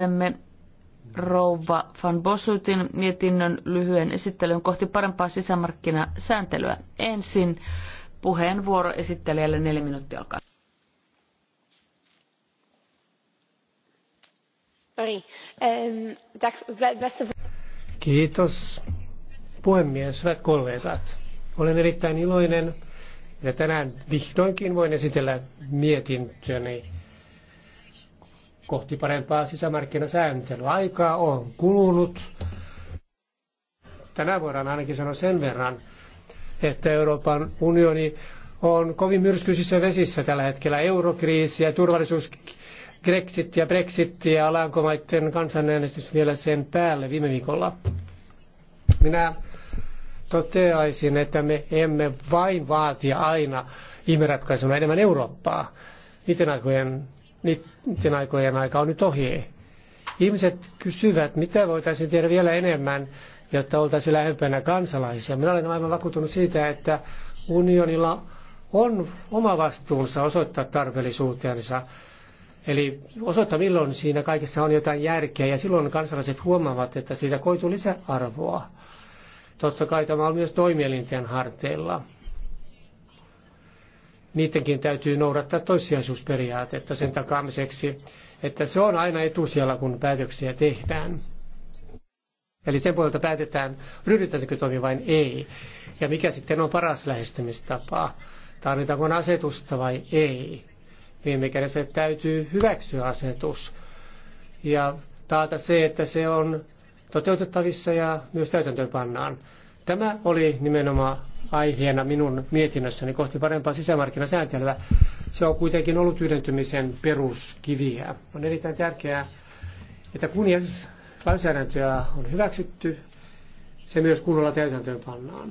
Olemme rouva Van Bosutin mietinnön lyhyen esittelyn kohti parempaa sisämarkkinasääntelyä. Ensin puheenvuoro esittelijälle neljä minuuttia alkaa. Kiitos puhemies, hyvät kollegat. Olen erittäin iloinen, että tänään vihdoinkin voin esitellä mietintöni kohti parempaa sisämarkkinasääntelyä. Aikaa on kulunut. Tänään voidaan ainakin sanoa sen verran, että Euroopan unioni on kovin myrskyisissä vesissä tällä hetkellä. Eurokriisi ja turvallisuus Grexit ja Brexit ja Alankomaiden kansanäänestys vielä sen päälle viime viikolla. Minä toteaisin, että me emme vain vaatia aina ihmeratkaisuna enemmän Eurooppaa. Miten aikojen niiden aikojen aika on nyt ohi. Ihmiset kysyvät, mitä voitaisiin tehdä vielä enemmän, jotta oltaisiin lähempänä kansalaisia. Minä olen aivan vakuuttunut siitä, että unionilla on oma vastuunsa osoittaa tarpeellisuutensa. Eli osoittaa, milloin siinä kaikessa on jotain järkeä, ja silloin kansalaiset huomaavat, että siitä koituu lisäarvoa. Totta kai tämä on myös toimielinten harteilla niidenkin täytyy noudattaa toissijaisuusperiaatetta sen takaamiseksi, että se on aina etusijalla, kun päätöksiä tehdään. Eli sen puolelta päätetään, ryhdytäänkö toimi vain ei, ja mikä sitten on paras lähestymistapa, tarvitaanko asetusta vai ei. Viime kädessä täytyy hyväksyä asetus ja taata se, että se on toteutettavissa ja myös täytäntöön pannaan. Tämä oli nimenomaan aiheena minun mietinnössäni kohti parempaa sisämarkkinasääntelyä. Se on kuitenkin ollut yhdentymisen peruskiviä. On erittäin tärkeää, että kun lainsäädäntöä on hyväksytty, se myös kunnolla täytäntöön pannaan.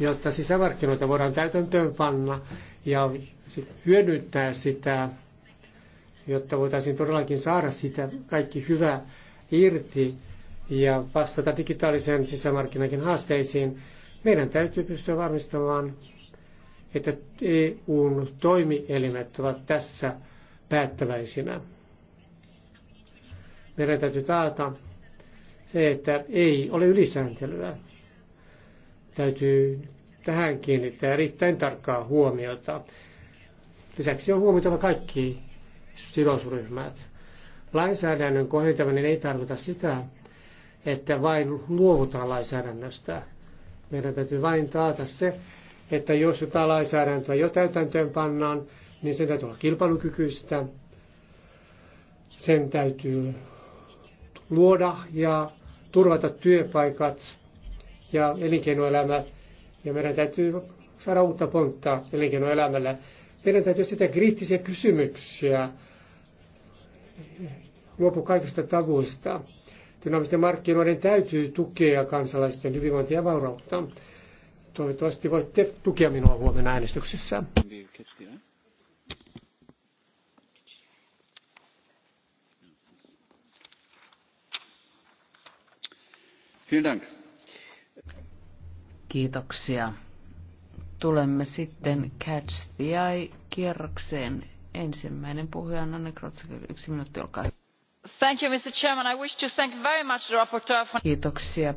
Jotta sisämarkkinoita voidaan täytäntöön panna ja hyödyntää sitä, jotta voitaisiin todellakin saada sitä kaikki hyvä irti, ja vastata digitaalisen sisämarkkinakin haasteisiin, meidän täytyy pystyä varmistamaan, että EUn toimielimet ovat tässä päättäväisinä. Meidän täytyy taata se, että ei ole ylisääntelyä. Täytyy tähän kiinnittää erittäin tarkkaa huomiota. Lisäksi on huomioitava kaikki sidosryhmät. Lainsäädännön kohentaminen ei tarkoita sitä, että vain luovutaan lainsäädännöstä. Meidän täytyy vain taata se, että jos jotain lainsäädäntöä jo täytäntöön pannaan, niin sen täytyy olla kilpailukykyistä. Sen täytyy luoda ja turvata työpaikat ja elinkeinoelämä. Ja meidän täytyy saada uutta pontta elinkeinoelämällä. Meidän täytyy sitä kriittisiä kysymyksiä luopua kaikista tavuista. Dynaamisten markkinoiden täytyy tukea kansalaisten hyvinvointia ja vaurautta. Toivottavasti voitte tukea minua huomenna äänestyksessä. Kiitoksia. Tulemme sitten Catch the Eye-kierrokseen. Ensimmäinen puhuja on Anne Krotsakel. Yksi minuutti, olkaa hyvä arvoisa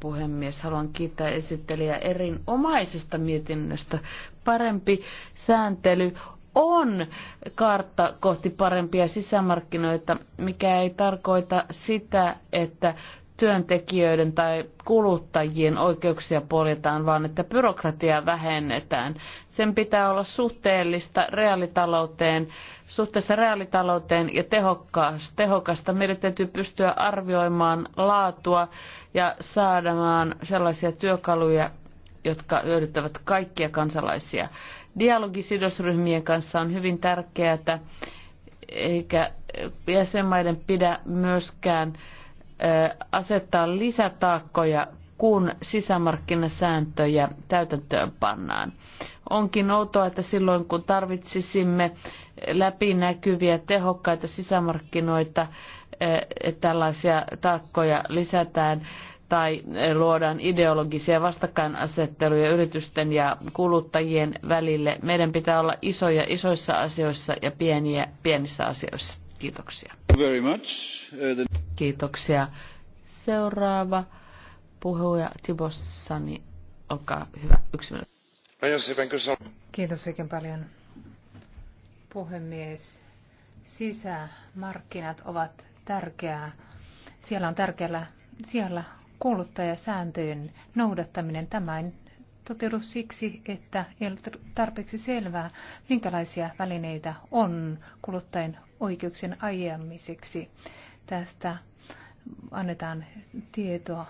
puhemies. Haluan kiittää esittelijää erinomaisesta mietinnöstä. Parempi sääntely on kartta kohti parempia sisämarkkinoita, mikä ei tarkoita sitä, että työntekijöiden tai kuluttajien oikeuksia poljetaan, vaan että byrokratiaa vähennetään. Sen pitää olla suhteellista reaalitalouteen, suhteessa reaalitalouteen ja tehokkaas, tehokasta. Meidän täytyy pystyä arvioimaan laatua ja saadamaan sellaisia työkaluja, jotka hyödyttävät kaikkia kansalaisia. Dialogi sidosryhmien kanssa on hyvin tärkeää, eikä jäsenmaiden pidä myöskään äh, asettaa lisätaakkoja, kun sisämarkkinasääntöjä täytäntöön pannaan. Onkin outoa, että silloin kun tarvitsisimme läpinäkyviä, tehokkaita sisämarkkinoita, tällaisia taakkoja lisätään tai luodaan ideologisia vastakkainasetteluja yritysten ja kuluttajien välille. Meidän pitää olla isoja isoissa asioissa ja pieniä pienissä asioissa. Kiitoksia. Very much. Uh, Kiitoksia. Seuraava puhuja Tibor Sani, olkaa hyvä, yksi minuutti. Kiitos oikein paljon, puhemies. Sisämarkkinat ovat tärkeää. Siellä on tärkeällä siellä kuluttajasääntöjen noudattaminen. Tämä ei toteudu siksi, että ei ole tarpeeksi selvää, minkälaisia välineitä on kuluttajien oikeuksien ajamiseksi. Tästä annetaan tietoa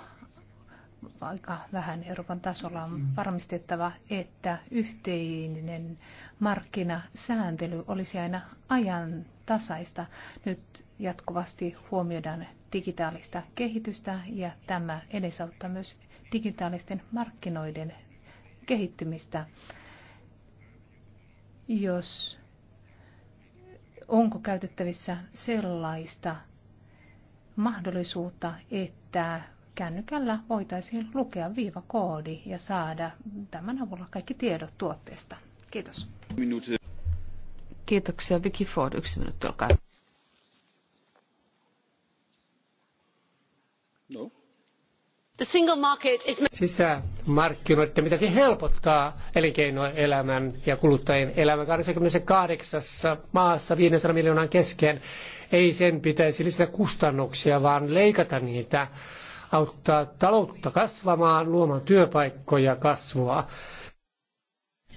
aika vähän Euroopan tasolla on mm. varmistettava, että yhteinen markkinasääntely olisi aina ajan tasaista. Nyt jatkuvasti huomioidaan digitaalista kehitystä ja tämä edesauttaa myös digitaalisten markkinoiden kehittymistä. Jos onko käytettävissä sellaista mahdollisuutta, että kännykällä voitaisiin lukea viivakoodi ja saada tämän avulla kaikki tiedot tuotteesta. Kiitos. Minuutin. Kiitoksia. Vicky Ford, yksi minuutti, olkaa No. The single market is... Sisä mitä se helpottaa elinkeinoelämän ja kuluttajien elämän 28 maassa 500 miljoonan kesken. Ei sen pitäisi lisätä kustannuksia, vaan leikata niitä, auttaa taloutta kasvamaan, luomaan työpaikkoja kasvua.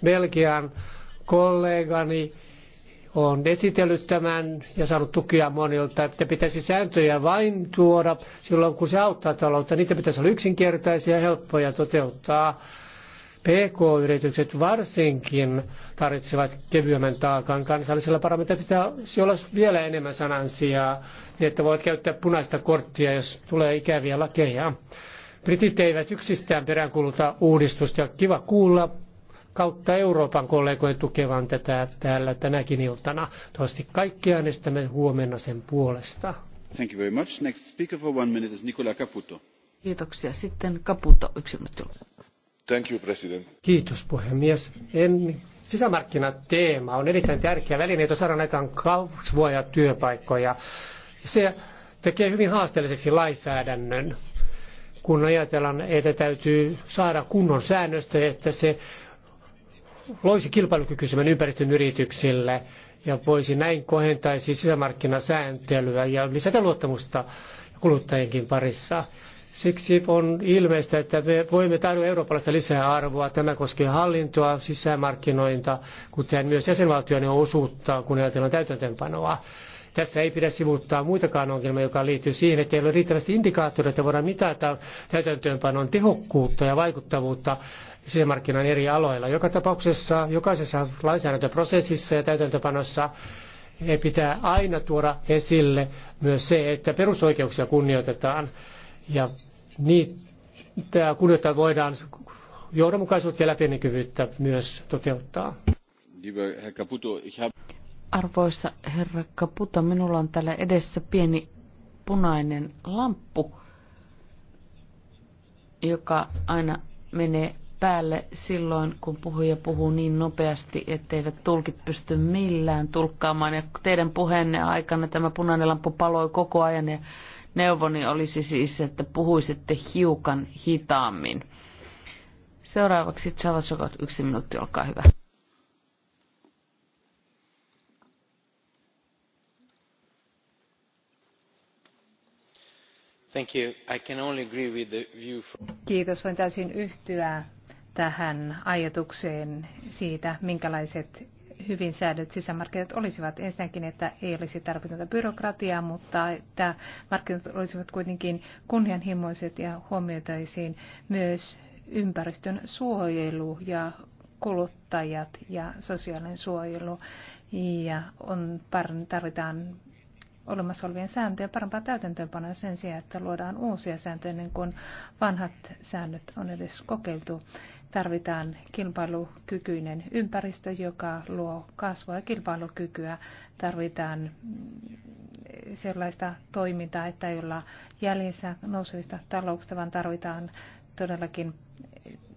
Belgian kollegani on esitellyt tämän ja saanut tukea monilta, että pitäisi sääntöjä vain tuoda silloin, kun se auttaa taloutta. Niitä pitäisi olla yksinkertaisia ja helppoja toteuttaa. PK-yritykset varsinkin tarvitsevat kevyemmän taakan. Kansallisella parlamentilla pitäisi olla vielä enemmän sanansijaa, niin että voit käyttää punaista korttia, jos tulee ikäviä lakeja. Britit eivät yksistään peräänkuuluta uudistusta. Kiva kuulla, kautta Euroopan kollegojen tukevan tätä täällä tänäkin iltana. Toivottavasti kaikki äänestämme huomenna sen puolesta. Thank you very much. Next speaker for one minute is Nicola Caputo. Kiitoksia. Sitten Caputo, yksi minuutti. Thank you, President. Kiitos, puhemies. En... Sisämarkkinateema on erittäin tärkeä väline, jota saadaan aikaan kasvua ja työpaikkoja. Se tekee hyvin haasteelliseksi lainsäädännön kun ajatellaan, että täytyy saada kunnon säännöstä, että se loisi kilpailukykyisemmän ympäristön yrityksille ja voisi näin kohentaisi siis sisämarkkinasääntelyä ja lisätä luottamusta kuluttajienkin parissa. Siksi on ilmeistä, että me voimme tarjota eurooppalaista lisäarvoa. Tämä koskee hallintoa, sisämarkkinointa, kuten myös jäsenvaltioiden osuutta, kun ajatellaan täytäntöönpanoa. Tässä ei pidä sivuuttaa muitakaan ongelmia, joka liittyy siihen, että ei ole riittävästi indikaattoreita, että voidaan mitata täytäntöönpanon tehokkuutta ja vaikuttavuutta sisämarkkinan eri aloilla. Joka tapauksessa, jokaisessa lainsäädäntöprosessissa ja täytäntöpanossa pitää aina tuoda esille myös se, että perusoikeuksia kunnioitetaan ja niitä kunnioittaa voidaan johdonmukaisuutta ja läpinäkyvyyttä myös toteuttaa. Arvoisa herra Kaputa, minulla on täällä edessä pieni punainen lamppu, joka aina menee päälle silloin, kun puhuja puhuu niin nopeasti, etteivät tulkit pysty millään tulkkaamaan. Ja teidän puheenne aikana tämä punainen lamppu paloi koko ajan ja neuvoni olisi siis, että puhuisitte hiukan hitaammin. Seuraavaksi Chavasokot, yksi minuutti, olkaa hyvä. Kiitos, voin täysin yhtyä tähän ajatukseen siitä, minkälaiset hyvin säädyt sisämarkkinat olisivat. Ensinnäkin, että ei olisi tarpeetonta byrokratiaa, mutta että markkinat olisivat kuitenkin kunnianhimoiset ja huomioitaisiin myös ympäristön suojelu ja kuluttajat ja sosiaalinen suojelu. Ja on, tarvitaan olemassa olevien sääntöjen parempaa täytäntöönpanoa sen sijaan, että luodaan uusia sääntöjä, niin kuin vanhat säännöt on edes kokeiltu. Tarvitaan kilpailukykyinen ympäristö, joka luo kasvua ja kilpailukykyä. Tarvitaan mm, sellaista toimintaa, että ei olla jäljessä nousevista talouksista, vaan tarvitaan todellakin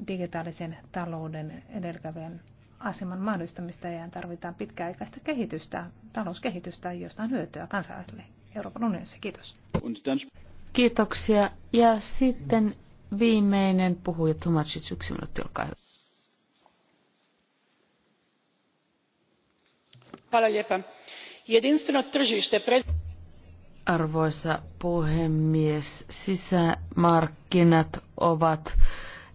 digitaalisen talouden edelläkävijän aseman mahdollistamista ja tarvitaan pitkäaikaista kehitystä, talouskehitystä, josta on hyötyä kansalaisille Euroopan unionissa. Kiitos. Kiitoksia. Ja sitten viimeinen puhuja Tomacic, yksi minuutti, olkaa hyvä. Arvoisa puhemies, sisämarkkinat ovat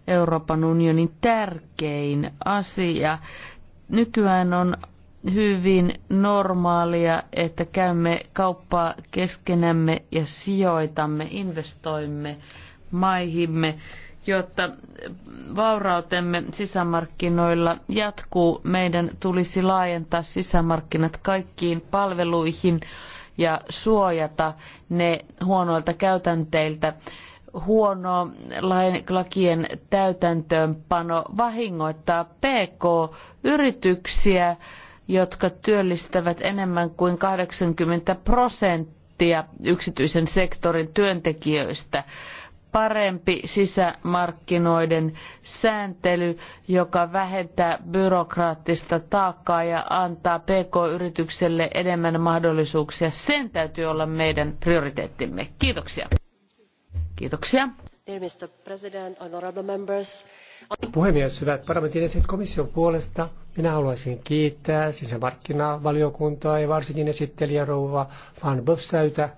Euroopan unionin tärkein asia. Nykyään on hyvin normaalia, että käymme kauppaa keskenämme ja sijoitamme, investoimme maihimme, jotta vaurautemme sisämarkkinoilla jatkuu. Meidän tulisi laajentaa sisämarkkinat kaikkiin palveluihin ja suojata ne huonoilta käytänteiltä huono lakien täytäntöönpano vahingoittaa PK-yrityksiä, jotka työllistävät enemmän kuin 80 prosenttia yksityisen sektorin työntekijöistä parempi sisämarkkinoiden sääntely, joka vähentää byrokraattista taakkaa ja antaa PK-yritykselle enemmän mahdollisuuksia. Sen täytyy olla meidän prioriteettimme. Kiitoksia arvoisa Puhemies, hyvät parlamentin jäsenet komission puolesta. Minä haluaisin kiittää sisämarkkinavaliokuntaa ja varsinkin esittelijä rouva Van Böfsäytä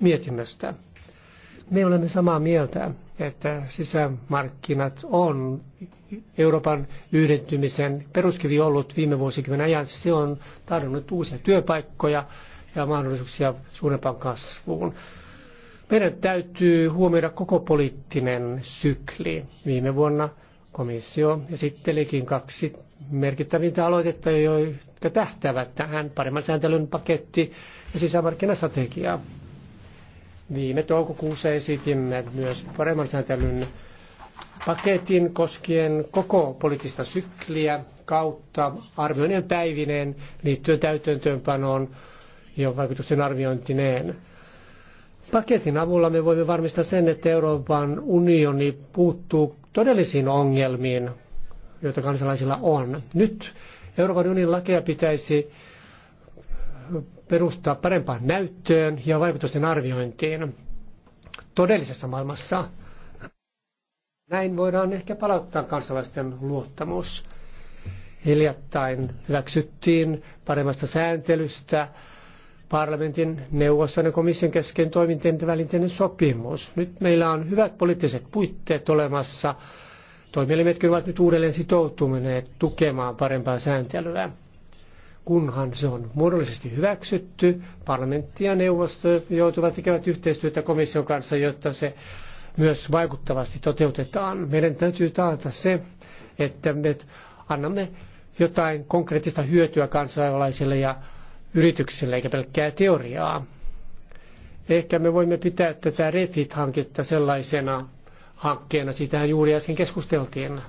mietinnöstä. Me olemme samaa mieltä, että sisämarkkinat on Euroopan yhdentymisen peruskivi ollut viime vuosikymmenen ajan. Se on tarjonnut uusia työpaikkoja ja mahdollisuuksia suurempaan kasvuun. Meidän täytyy huomioida koko poliittinen sykli. Viime vuonna komissio esittelikin kaksi merkittävintä aloitetta, jotka tähtävät tähän paremman sääntelyn paketti ja sisämarkkinastrategia. Viime toukokuussa esitimme myös paremman sääntelyn paketin koskien koko poliittista sykliä kautta arvioinnin päivineen liittyen täytäntöönpanoon ja vaikutusten arviointineen. Paketin avulla me voimme varmistaa sen, että Euroopan unioni puuttuu todellisiin ongelmiin, joita kansalaisilla on. Nyt Euroopan unionin lakeja pitäisi perustaa parempaan näyttöön ja vaikutusten arviointiin todellisessa maailmassa. Näin voidaan ehkä palauttaa kansalaisten luottamus. Hiljattain hyväksyttiin paremmasta sääntelystä parlamentin, neuvoston ja komission kesken toimintojen välinen sopimus. Nyt meillä on hyvät poliittiset puitteet olemassa. Toimielimetkin ovat nyt uudelleen sitoutuneet tukemaan parempaa sääntelyä. Kunhan se on muodollisesti hyväksytty, parlamentti ja neuvosto joutuvat tekemään yhteistyötä komission kanssa, jotta se myös vaikuttavasti toteutetaan. Meidän täytyy taata se, että me annamme jotain konkreettista hyötyä kansalaisille ja yrityksille eikä pelkkää teoriaa. Ehkä me voimme pitää tätä Refit-hanketta sellaisena hankkeena, sitä juuri äsken keskusteltiin.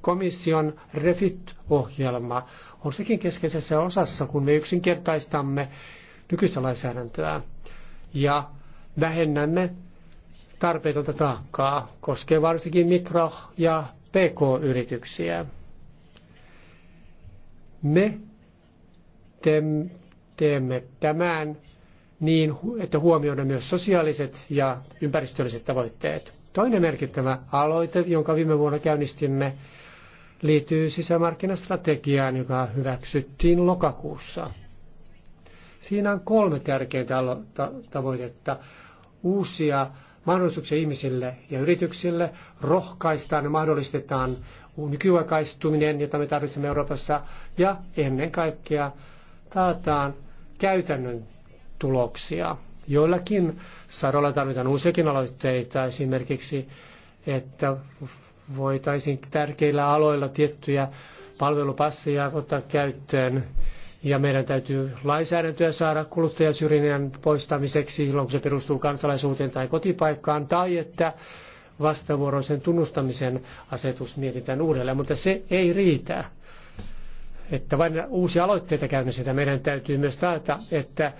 Komission Refit-ohjelma on sekin keskeisessä osassa, kun me yksinkertaistamme nykyistä lainsäädäntöä ja vähennämme tarpeetonta taakkaa, koskee varsinkin mikro- ja pk-yrityksiä. Me teemme teemme tämän niin, että huomioidaan myös sosiaaliset ja ympäristölliset tavoitteet. Toinen merkittävä aloite, jonka viime vuonna käynnistimme, liittyy sisämarkkinastrategiaan, joka hyväksyttiin lokakuussa. Siinä on kolme tärkeintä tavoitetta. Uusia mahdollisuuksia ihmisille ja yrityksille, rohkaistaan ja mahdollistetaan nykyaikaistuminen, jota me tarvitsemme Euroopassa, ja ennen kaikkea taataan käytännön tuloksia. Joillakin saroilla tarvitaan uusiakin aloitteita, esimerkiksi, että voitaisiin tärkeillä aloilla tiettyjä palvelupasseja ottaa käyttöön. Ja meidän täytyy lainsäädäntöä saada kuluttajasyrjinnän poistamiseksi, silloin kun se perustuu kansalaisuuteen tai kotipaikkaan, tai että vastavuoroisen tunnustamisen asetus mietitään uudelleen, mutta se ei riitä että vain uusia aloitteita käynnistetään. Meidän täytyy myös taata, että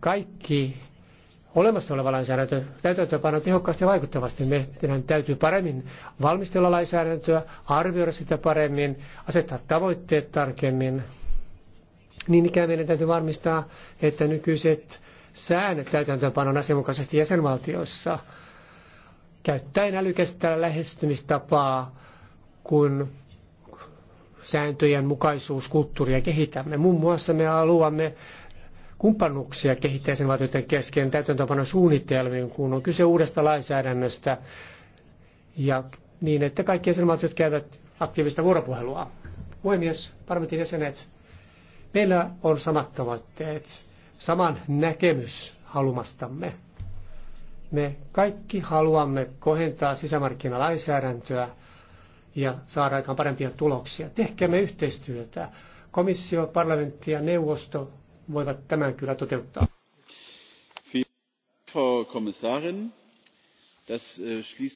kaikki olemassa oleva lainsäädäntö täytäntöönpano tehokkaasti ja vaikuttavasti. Meidän täytyy paremmin valmistella lainsäädäntöä, arvioida sitä paremmin, asettaa tavoitteet tarkemmin. Niin ikään meidän täytyy varmistaa, että nykyiset säännöt täytäntöönpanon asianmukaisesti jäsenvaltioissa käyttäen älykästä lähestymistapaa, kun sääntöjen mukaisuuskulttuuria kehitämme. Muun muassa me haluamme kumppanuuksia kehittää jäsenvaltioiden kesken täytäntöönpanon suunnitelmiin, kun on kyse uudesta lainsäädännöstä ja niin, että kaikki jäsenvaltiot käyvät aktiivista vuoropuhelua. Puhemies, parlamentin jäsenet, meillä on samat tavoitteet, saman näkemys halumastamme. Me kaikki haluamme kohentaa sisämarkkinalainsäädäntöä ja saada aikaan parempia tuloksia. Tehkäämme yhteistyötä. Komissio, parlamentti ja neuvosto voivat tämän kyllä toteuttaa. Frau Kommissarin, das äh, schließt